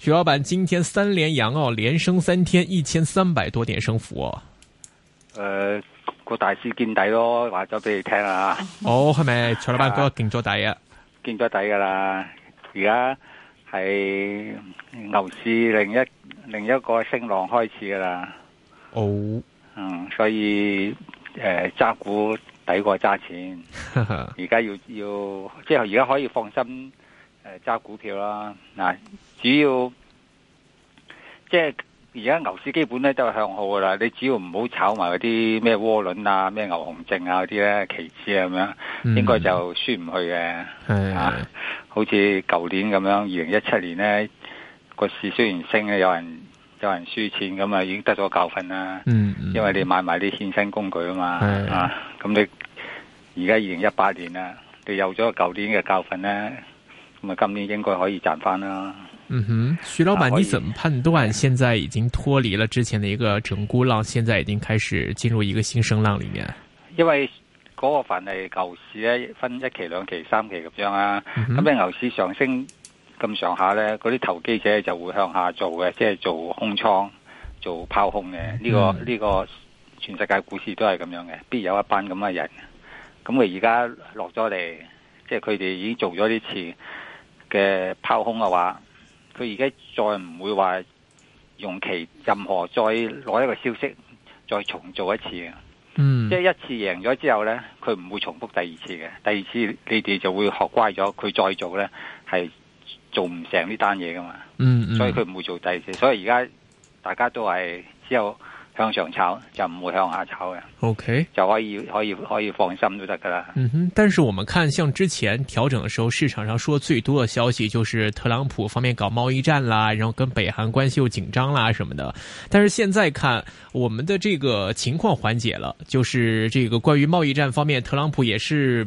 徐老闆今天三連陽澳連升三天，一千三百多點升幅，哦。誒、呃，個大市見底咯，話咗俾你聽啦。哦，係咪徐老闆嗰個見咗底啊？見咗底噶啦，而家係牛市另一另一個升浪開始噶啦。哦，嗯，所以誒揸、呃、股抵過揸錢，而家要要，即係而家可以放心誒揸、呃、股票啦嗱。啊主要即係而家牛市基本咧都係向好噶啦，你只要唔好炒埋嗰啲咩窩輪啊、咩牛熊證啊嗰啲咧、期指、嗯、啊咁樣，應該就輸唔去嘅。係啊，好似舊年咁樣，二零一七年咧個市雖然升咧，有人有人輸錢，咁啊已經得咗教訓啦。嗯，因為你買埋啲衍生工具啊嘛，啊，咁你而家二零一八年啦，你有咗舊年嘅教訓咧，咁啊今年應該可以賺翻啦。嗯哼，徐老闆，你怎麼判斷現在已經脫離了之前的一個整固浪，現在已經開始進入一個新升浪裏面？因為嗰個凡係牛市咧，分一期、兩期、三期咁樣啊。咁、嗯、你牛市上升咁上下咧，嗰啲投機者就會向下做嘅，即、就、係、是、做空倉、做拋空嘅。呢、這個呢、嗯這個全世界股市都係咁樣嘅，必有一班咁嘅人。咁佢而家落咗嚟，即係佢哋已經做咗呢次嘅拋空嘅話。佢而家再唔會話用其任何再攞一個消息再重做一次嘅，嗯，即係一次贏咗之後呢，佢唔會重複第二次嘅，第二次你哋就會學乖咗，佢再做呢係做唔成呢單嘢噶嘛，嗯，嗯，所以佢唔會做第二次，所以而家大家都係之後。向上炒就唔會向下炒嘅，OK 就可以可以可以放心都得㗎喇。嗯哼，但是我們看，像之前調整的時候，市場上說的最多嘅消息就是特朗普方面搞貿易戰啦，然後跟北韓關係又緊張啦，什麼的。但是現在看，我們的這個情況緩解了，就是這個關於貿易戰方面，特朗普也是。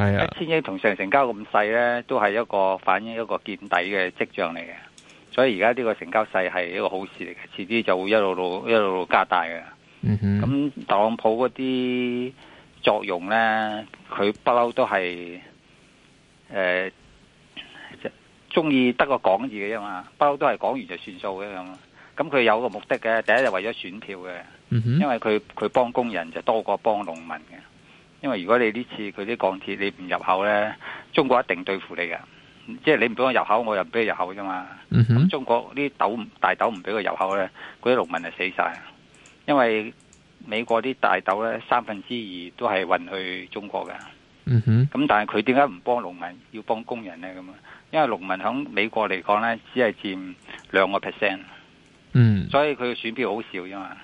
係一千億同上成交咁細咧，都係一個反映一個見底嘅跡象嚟嘅。所以而家呢個成交細係一個好事嚟嘅，遲啲就會一路路一路路加大嘅。咁、mm -hmm. 特朗普嗰啲作用咧，佢不嬲都係誒中意得個講字嘅啫嘛，不嬲都係講完就算數嘅咁。咁佢有個目的嘅，第一就為咗選票嘅。Mm -hmm. 因為佢佢幫工人就多過幫農民嘅。因為如果你呢次佢啲鋼鐵你唔入口呢，中國一定對付你嘅，即係你唔俾我入口，我又唔俾佢入口啫嘛。咁、嗯、中國啲豆大豆唔俾佢入口呢，嗰啲農民就死晒。因為美國啲大豆呢，三分之二都係運去中國嘅。咁、嗯、但係佢點解唔幫農民，要幫工人呢？咁啊，因為農民響美國嚟講呢，只係佔兩個 percent。嗯。所以佢嘅選票好少啫嘛。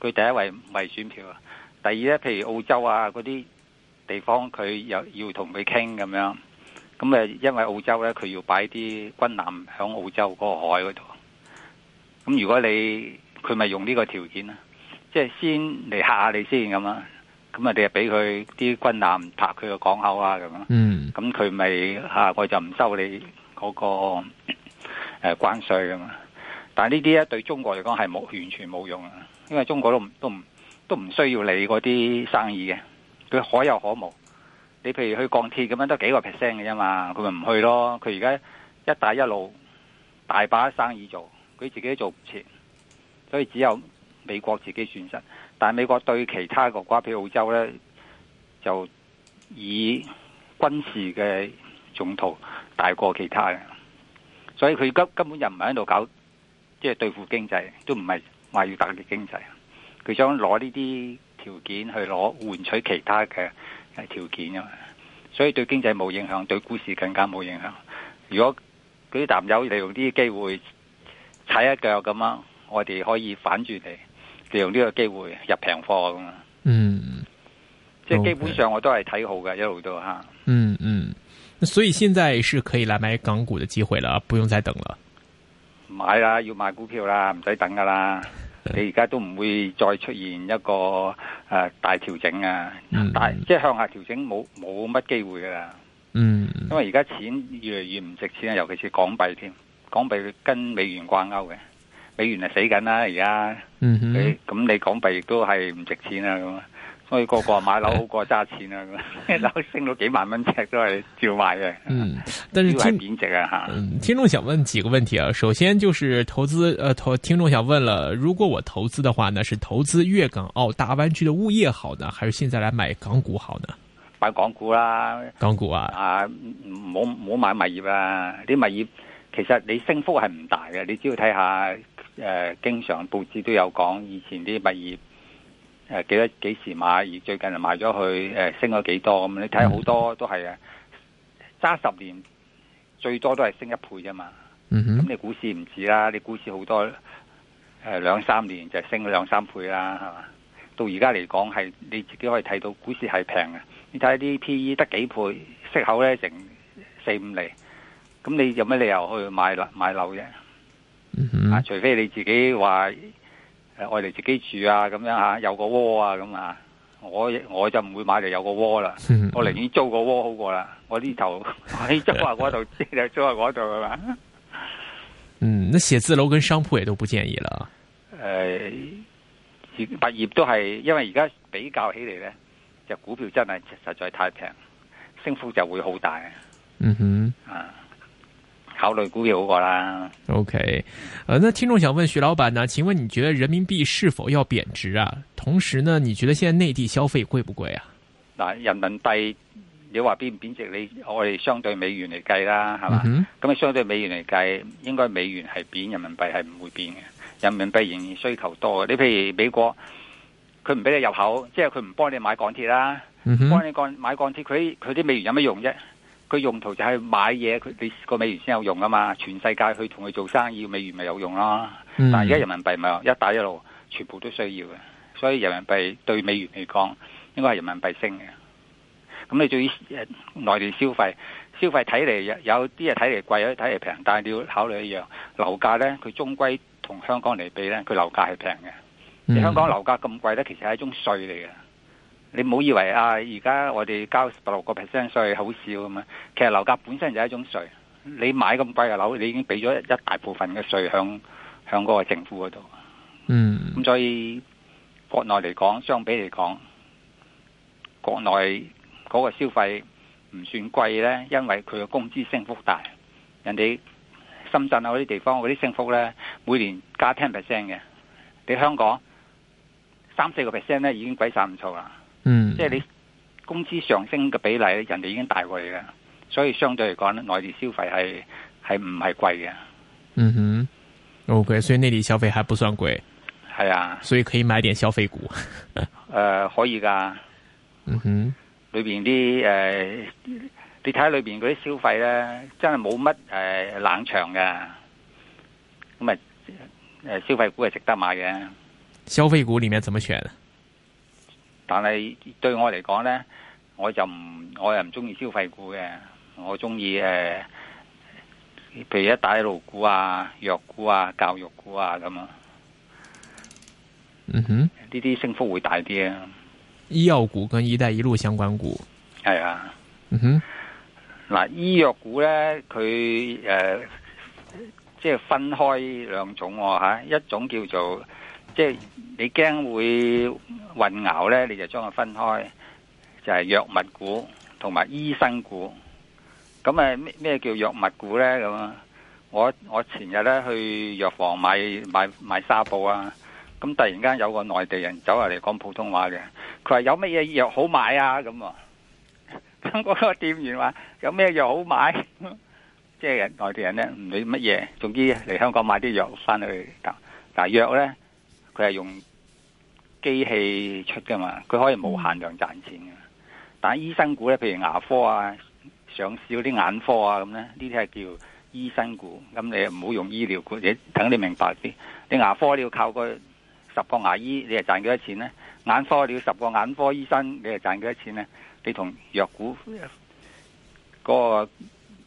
佢第一位唔係選票啊。第二咧，譬如澳洲啊嗰啲地方，佢又要同佢傾咁樣，咁誒，因為澳洲咧佢要擺啲軍艦喺澳洲嗰海嗰度，咁如果你佢咪用呢個條件咧，即係先嚟嚇下你先咁啊，咁啊你又俾佢啲軍艦泊佢個港口咁樣，mm. 啊咁啊，咁佢咪吓，我就唔收你嗰個關稅啊嘛，但係呢啲咧對中國嚟講係冇完全冇用啊，因為中國都唔都唔。都唔需要理你嗰啲生意嘅，佢可有可無。你譬如去鋼鐵咁樣，都幾個 percent 嘅啫嘛，佢咪唔去咯。佢而家一帶一路大把生意做，佢自己都做唔切，所以只有美國自己損失。但美國對其他國家比澳洲咧，就以軍事嘅用途大過其他嘅，所以佢根根本就唔係喺度搞，即係對付經濟，都唔係話要打擊經濟。佢想攞呢啲條件去攞換取其他嘅條件啊，所以對經濟冇影響，對股市更加冇影響。如果嗰啲淡友利用呢啲機會踩一腳咁啊，我哋可以反轉嚟利用呢個機會入平貨啊嘛。嗯，即係基本上我都係睇好嘅，一路都吓。Okay. 嗯嗯，所以現在是可以嚟買港股嘅機會啦，不用再等啦。買啦，要買股票啦，唔使等噶啦。你而家都唔會再出現一個、呃、大調整啊！大即係向下調整冇冇乜機會噶啦。嗯，因為而家錢越嚟越唔值錢啊，尤其是港幣添。港幣跟美元掛鈎嘅，美元係死緊啦而家。嗯哼，咁、嗯、你港幣亦都係唔值錢啊咁啊！所以個個買樓 好過揸錢啦，啊，樓升到幾萬蚊尺都係照買嘅。嗯，但是,是貶值啊吓，嗯。聽眾想問幾個問題啊？首先就是投資，誒，呃，投聽眾想問了，如果我投資嘅話呢，呢是投資粵港澳大灣區嘅物業好呢，還是現在來買港股好呢？買港股啦，啊，港股啊，啊，唔好唔好買物業啊！啲物業其實你升幅係唔大嘅，你只要睇下誒，呃，經常報紙都有講，以前啲物業。誒幾多幾時買？而最近就買咗佢、啊、升咗幾多咁？你睇好多都係啊，揸、mm -hmm. 十年最多都係升一倍啫嘛。咁你股市唔止啦，你股市好多、啊、兩三年就升咗兩三倍啦，係嘛？到而家嚟講係你自己可以睇到股市係平嘅。你睇下啲 P E 得幾倍？息口咧成四五厘。咁你有咩理由去買樓買樓啫？Mm -hmm. 啊，除非你自己話。我哋自己住啊，咁樣吓、啊，有個窩啊，咁啊，我我就唔會買嚟有個窩啦， 我寧願租個窩好過啦。我呢頭喺即話嗰度，即係租喺嗰度係嘛？嗯，那寫字樓跟商鋪也都不建議啦。誒、嗯，物業都係，因為而家比較起嚟呢，就股票真係實在太平，升幅就會好大。嗯哼，啊、嗯。考慮股票嗰個啦。OK，誒、呃，那聽眾想問徐老闆呢，啊？請問你覺得人民幣是否要貶值啊？同時呢，你覺得現在內地消費貴不貴啊？嗱，人民幣你話貶唔貶值，你我哋相對美元嚟計啦，係嘛？咁、嗯、相對美元嚟計，應該美元係貶，人民幣係唔會貶嘅。人民幣仍然需求多嘅。你譬如美國，佢唔俾你入口，即係佢唔幫你買鋼鐵啦，幫、嗯、你鋼買鋼鐵，佢佢啲美元有乜用啫？佢用途就係買嘢，佢你個美元先有用啊嘛！全世界去同佢做生意，美元咪有用咯。但而家人民幣咪一帶一路，全部都需要嘅，所以人民幣對美元嚟講，應該係人民幣升嘅。咁你對於內地消費，消費睇嚟有啲嘢睇嚟貴，有啲睇嚟平，但你要考慮一樣樓價呢，佢終歸同香港嚟比呢，佢樓價係平嘅。香港樓價咁貴呢，其實係一種稅嚟嘅。你唔好以為啊！而家我哋交十六個 percent 稅好少咁樣，其實樓價本身就係一種稅。你買咁貴嘅樓，你已經俾咗一大部分嘅稅向向嗰個政府嗰度。嗯。咁所以國內嚟講，相比嚟講，國內嗰個消費唔算貴咧，因為佢嘅工資升幅大。人哋深圳啊嗰啲地方嗰啲升幅咧，每年加 ten percent 嘅。你香港三四個 percent 咧，已經鬼散唔錯啦。嗯，即係你工資上升嘅比例，人哋已經大過你啦，所以相對嚟講咧，內地消費係係唔係貴嘅。嗯哼，OK，所以內地消費還不算貴。係啊，所以可以買點消費股。誒、 呃，可以噶。嗯哼，裏邊啲誒，你睇下裏邊嗰啲消費咧，真係冇乜誒冷場嘅。咁誒、呃，消費股係值得買嘅。消費股裏面怎麼選？但係對我嚟講咧，我就唔我又唔中意消費股嘅，我中意誒，譬如一帶一路股啊、藥股啊、教育股啊咁啊。嗯哼，呢啲升幅會大啲啊。醫藥股跟一帶一路相關股係啊。嗯哼，嗱，醫藥股咧，佢誒，即、呃、係、就是分開兩種吓，啊，一種叫做。即係你驚會混淆呢，你就將佢分開，就係藥物股同埋醫生股。咁啊咩咩叫藥物股呢？咁啊，我我前日呢去藥房買買買紗布啊，咁突然間有個內地人走嚟講普通話嘅，佢話有乜嘢藥好買啊？咁啊，香港個店員話有咩藥好買？即係內地人呢唔理乜嘢，總之嚟香港買啲藥翻去。但但藥呢。佢係用機器出噶嘛，佢可以無限量賺錢噶。但係醫生股咧，譬如牙科啊、上少啲眼科啊咁咧，呢啲係叫醫生股。咁你唔好用醫療股，你等你明白啲。你牙科你要靠個十個牙醫，你係賺幾多錢咧？眼科你要十個眼科醫生，你係賺幾多錢咧？你同藥股嗰個。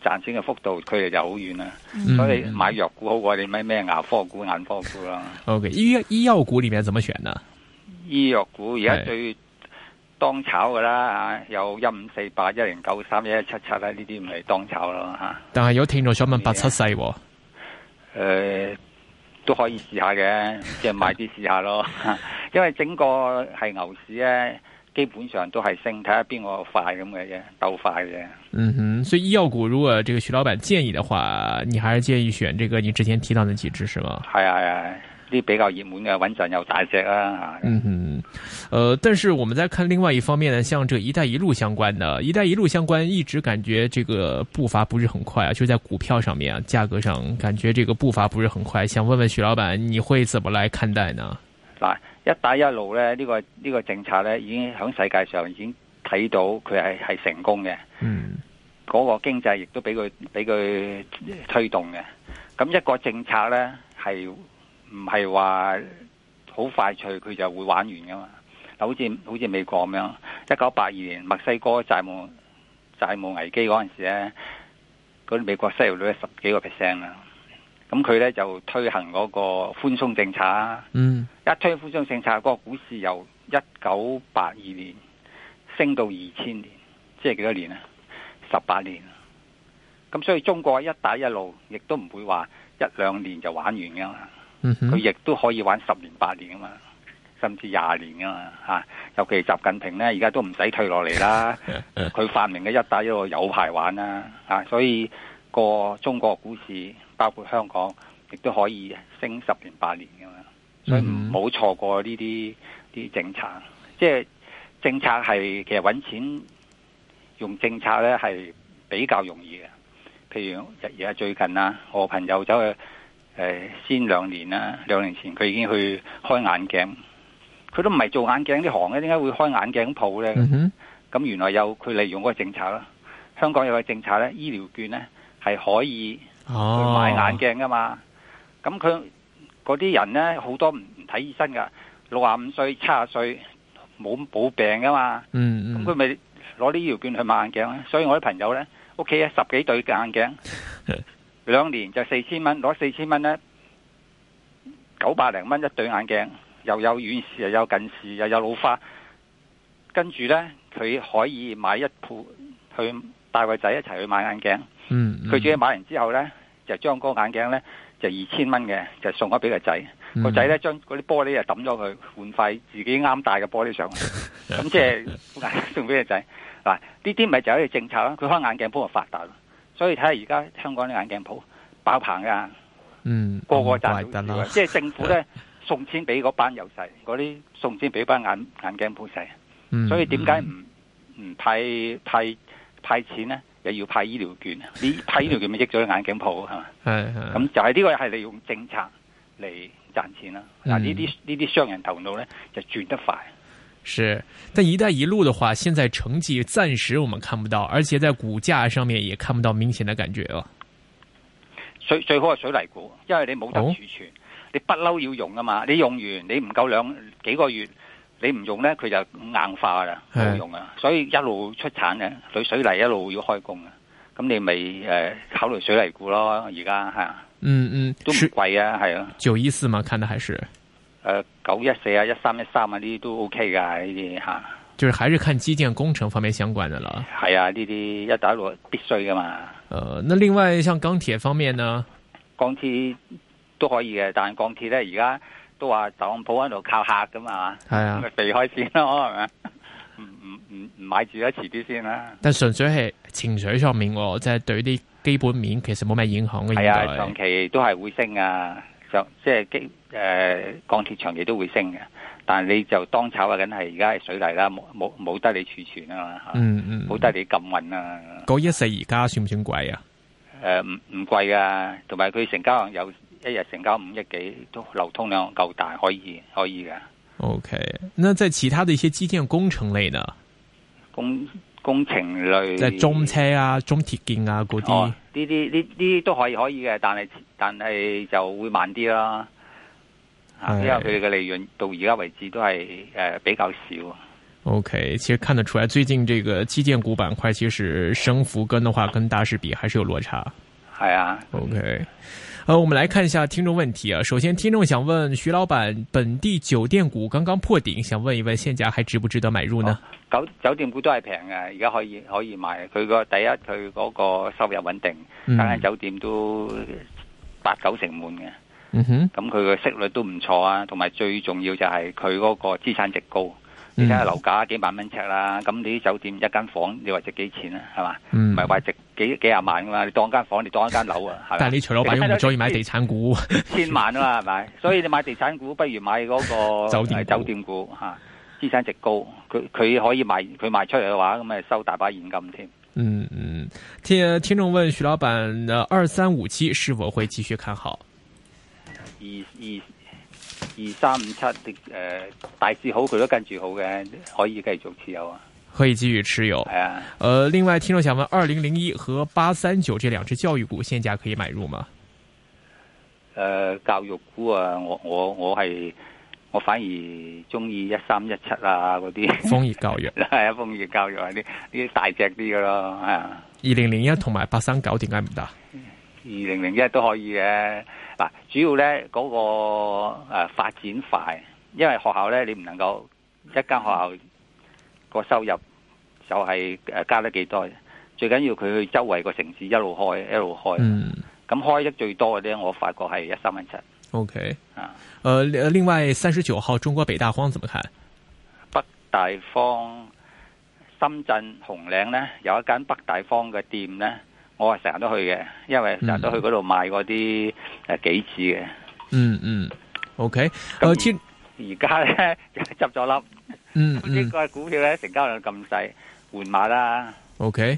賺錢嘅幅度距離就好遠啦，所以買藥股好過你咩咩牙科股、眼科股啦。O、okay, K，醫藥股裏面怎麼選呢？醫藥股而家最當炒噶啦吓、啊，有一五四八、一零九三、一一七七啦，呢啲唔係當炒咯吓、啊。但係有聽眾想問八七四，誒、啊呃、都可以試下嘅，即、就、係、是、買啲試下咯， 因為整個係牛市啊。基本上都係升，睇下邊個快咁嘅啫，鬥快嘅啫。嗯哼，所以醫藥股如果這個徐老闆建議的話，你還是建議選這個你之前提到那幾隻，是嗎？係啊係啊，呢啲比較熱門嘅穩陣又大隻啊。嗯哼，呃，但是我們再看另外一方面呢，像這一帶一路相關的，一帶一路相關一直感覺這個步伐不是很快啊，就在股票上面啊，價格上感覺這個步伐不是很快。想問問徐老闆，你會怎麼來看待呢？一帶一路咧，呢個呢個政策咧，已經喺世界上已經睇到佢係係成功嘅。嗯，嗰個經濟亦都俾佢俾佢推動嘅。咁一個政策咧，係唔係話好快脆佢就會玩完噶嘛？嗱，好似好似美國咁樣，一九八二年墨西哥債務債務危機嗰陣時咧，嗰啲美國失業率十幾個 percent 啦。咁佢咧就推行嗰個寬鬆政策啊、嗯，一推寬鬆政策，個股市由一九八二年升到二千年，即係幾多年啊？十八年。咁所以中國一帶一路亦都唔會話一兩年就玩完噶嘛，佢、嗯、亦都可以玩十年八年啊嘛，甚至廿年噶、啊、嘛、啊、尤其習近平咧，而家都唔使退落嚟啦，佢 發明嘅一帶一路有排玩啦、啊啊、所以。個中國股市包括香港，亦都可以升十年八年噶嘛，所以唔好錯過呢啲啲政策。即係政策係其實搵錢用政策咧係比較容易嘅。譬如日而家最近啊，我朋友走去誒，先兩年啦，兩年前佢已經去開眼鏡，佢都唔係做眼鏡啲行嘅，點解會開眼鏡鋪咧？咁、mm -hmm. 原來有佢利用嗰個政策啦。香港有個政策咧，醫療券咧。係可以去買眼鏡噶嘛？咁佢嗰啲人呢，好多唔睇醫生噶，六十五歲、七十歲冇冇病噶嘛？咁佢咪攞啲醫療券去買眼鏡？所以我啲朋友呢，屋企有十幾對眼鏡，兩 年就四千蚊，攞四千蚊呢，九百零蚊一對眼鏡，又有遠視又有近視又有老花，跟住呢，佢可以買一副去帶個仔一齊去買眼鏡。嗯，佢自己買完之後咧，就將嗰個眼鏡咧就二千蚊嘅，就送咗俾個仔。個仔咧，將嗰啲玻璃就抌咗佢，換塊自己啱戴嘅玻璃上去。咁即係送俾個仔嗱，呢啲咪就係一個政策咯。佢開眼鏡鋪就發達咯。所以睇下而家香港啲眼鏡鋪爆棚噶，嗯，個個賺，即、嗯、係、就是、政府咧、嗯、送錢俾嗰班有勢，嗰啲送錢俾班眼眼鏡鋪勢。所以點解唔唔派派派錢咧？又要派醫療券，你派醫療券咪益咗啲眼鏡鋪係嘛？係 係是吧。咁就係呢個係利用政策嚟賺錢啦。嗱，呢啲呢啲商人頭腦咧就轉得快。係，但一帶一路嘅話，現在成績暫時我們看不到，而且在股價上面也看不到明顯嘅感覺。水最，最好係水泥股，因為你冇得儲存，哦、你不嬲要用啊嘛。你用完你唔夠兩幾個月。你唔用咧，佢就硬化啦，冇用啊！所以一路出產嘅水泥一路要開工啊！咁你咪誒、呃，考慮水泥股咯，而家吓。嗯嗯，都貴啊，係咯。九一四嘛，看得還是。誒、呃，九一四啊，一三一三啊，呢啲都 OK 噶呢啲吓。就是還是看基建工程方面相關的啦。係啊，呢啲一帶一路必須噶嘛。誒、呃，那另外像鋼鐵方面呢？鋼鐵都可以嘅，但係鋼鐵咧而家。都話特朗普喺度靠客噶嘛，係啊，咪避開先咯，係咪？唔唔唔唔買住一遲啲先啦。但係純粹係情緒上面，即係對啲基本面其實冇咩影響嘅。係啊，長期都係會升啊，上即係基誒鋼鐵長期都會升嘅。但係你就當炒啊，梗係而家係水泥啦，冇冇冇得你儲存啊嘛，嗯嗯，冇得你禁運啊。嗰一世而家算唔算貴啊？誒，唔唔貴噶，同埋佢成交量又。一日成交五億幾，都流通量夠大，可以可以嘅。OK，那在其他的一些基建工程類呢？工工程類，即係中車啊、中鐵建啊嗰啲。呢啲呢啲都可以可以嘅，但係但係就會慢啲啦。因為、哎、後佢哋嘅利潤到而家為止都係誒、呃、比較少。OK，其實看得出來，最近這個基建股板塊其實升幅跟的話，跟大市比還是有落差。係啊，OK，好，啊，我們來看一下聽眾問題啊。首先，聽眾想問徐老闆，本地酒店股剛剛破頂，想問一問現價還值不值得買入呢？酒酒店股都係平嘅，而家可以可以買。佢個第一，佢嗰個收入穩定，但係酒店都八九成滿嘅。嗯哼，咁佢個息率都唔錯啊。同埋最重要就係佢嗰個資產值高。你睇下樓價幾萬蚊尺啦，咁你啲酒店一間房，你話值幾錢啊？係嘛，唔係話值幾幾廿萬噶、啊、嘛？你當間房，你當一間樓啊？但係你徐老闆唔鍾意買地產股，千萬啊嘛，係咪？所以你買地產股不如買嗰、那個酒店、 呃、酒店股吓，資、啊、產值高，佢佢可以賣，佢賣出嚟嘅話咁咪收大把現金添。嗯嗯，聽聽眾問徐老闆，二三五七是否會繼續看好？二。以。二三五七的誒，大市好佢都跟住好嘅，可以繼續持有啊，可以繼續持有係啊。誒、呃，另外聽眾想問，二零零一和八三九這兩隻教育股現價可以買入嗎？誒、呃，教育股啊，我我我係我反而中意一三一七啊嗰啲，楓葉 教育係啊，楓葉教育啊啲呢啲大隻啲嘅咯啊。二零零一同埋八三九點解唔得？二零零一都可以嘅。啊、主要呢嗰，那個誒、呃、發展快，因為學校咧你唔能夠一間學校個收入就係、是、誒、呃、加得幾多，最緊要佢去周圍個城市一路開一路開。咁、嗯啊、開得最多嘅咧，我發覺係一三萬七。OK，啊，呃、另外三十九號中國北大荒怎麼看？北大荒深圳紅嶺呢？有一間北大荒嘅店呢。我係成日都去嘅，因為成日都去嗰度買嗰啲誒幾次嘅。嗯嗯，OK。咁而家咧執咗粒，嗯嗯，應該股票咧成交量咁細，換碼啦。OK。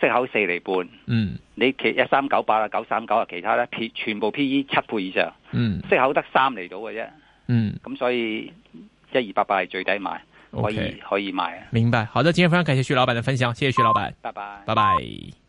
息口四厘半，嗯，你其一三九八啊九三九啊其他咧 P 全部 PE 七倍以上，嗯，息口得三厘到嘅啫，嗯，咁所以一二八八係最低賣，可以 okay, 可以買啊。明白，好的，今天非常感謝徐老闆的分享，謝謝徐老闆，拜拜，拜拜。